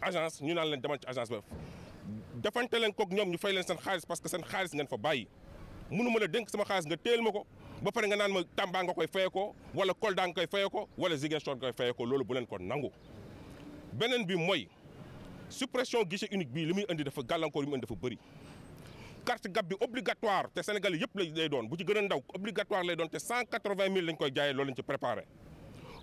agence ñu naan leen demal ci agence ba defante leen kook ñoom ñu fay leen seen xaalis parce que seen xaalis ngeen fa bàyyi mënu la dénk sama xaalis nga téel ma ko ba pare nga naan ma Tamba nga koy faye ko wala Kolda nga koy faye wala Ziguinchor nga koy faye ko loolu bu leen ko nangu beneen bi mooy suppression guichet unique bi li muy indi dafa gàllankoor yi mu indi dafa bëri carte gab bi obligatoire te sénégalais yëpp lay doon bu ci gën a ndaw obligatoire lay doon te cent quatre-vingt mille lañ koy jaayee loolu lañ ci préparé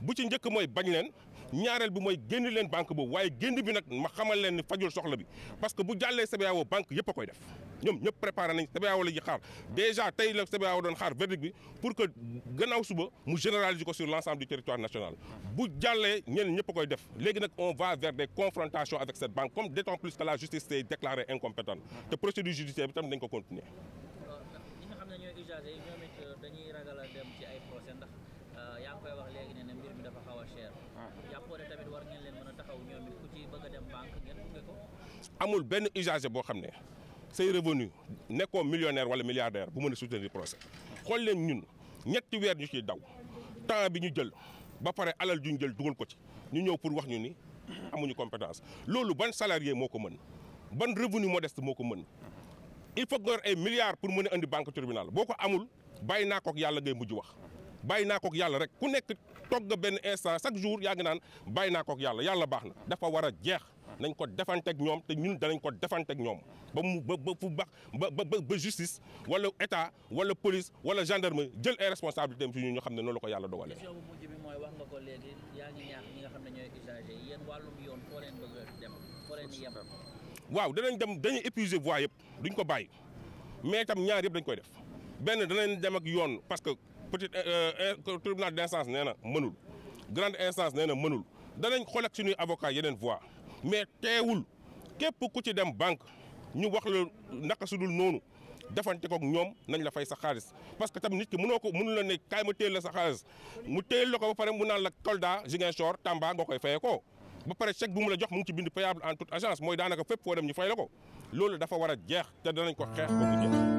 bu ci njëkk moy len banque bo bi ma xamal soxla bi parce que bu banque yépp def préparé nañ la xaar déjà la xaar verdict pour que gënaaw suba mu généraliser sur l'ensemble du territoire national bu jallé ñen ñëpp def légui on va vers des confrontations avec cette banque comme d'autant plus que la justice s'est déclarée incompétente te procédure judiciaire bi tam dañ continuer. Euh, yaa ngi ah. tamit war ngeen leen mën a taxaw ñoom it ku ci bëgg dem banque ngeen gunge ko. amul benn usager boo xam ne say revenu nekkoo millionnaire wala milliardaire bu mën a soutenir projet. xool leen ñun ñetti weer ñu ci daw temps bi ñu jël ba pare alal ju jël dugal ko ci ñu ñëw pour wax ñu ni amuñu compétence loolu ban salarié moo ko mën ban revenu modeste moo ko mën il faut que nga yor ay milliards pour mën a indi banque tribunal boo ko amul bàyyi naa ko ak yàlla ngay mujj bàyyi naa kook yàlla rek ku nekk togg benn instant chaque jour yaa ngi naan bàyyi naa kook yàlla yàlla baax na dafa war a jeex nañ ko defanteeg ñoom te ñun danañ ko defanteeg ñoom ba mu ba ba fu baax ba ba justice wala état wala police wala gendarmerie jël ay responsabilité am ñu xam ne noonu la ko yàlla dogalee. question bu mujj ko yoon waaw danañ dem dañuy épuiser voie yëpp duñ ko bàyyi mais itam ñaar yëpp dañ koy def benn danañ dem ak yoon parce que. petite euh, euh, euh, tribunal d' instance nee na mënul grande instance nena na mënul danañ xool ak suñuy avocat yenen voix mais téwul képp ku ci dem banque ñu wax la naka nonu noonu defante kook ñoom nañ la fay sa xaliss parce que tam nit ki mënoo ko mënu la ne kaay ma téel la sa xaliss mu téel lako ba paré mu naan la Kolda Ziguinchor Tamba nga fayé ko ba paré chèque bu mu la jox mu ngi ci bind payable en toute agence moy danaka fep foo dem ñu fay la ko loolu dafa wara a jeex te danañ ko xex ba mu jeex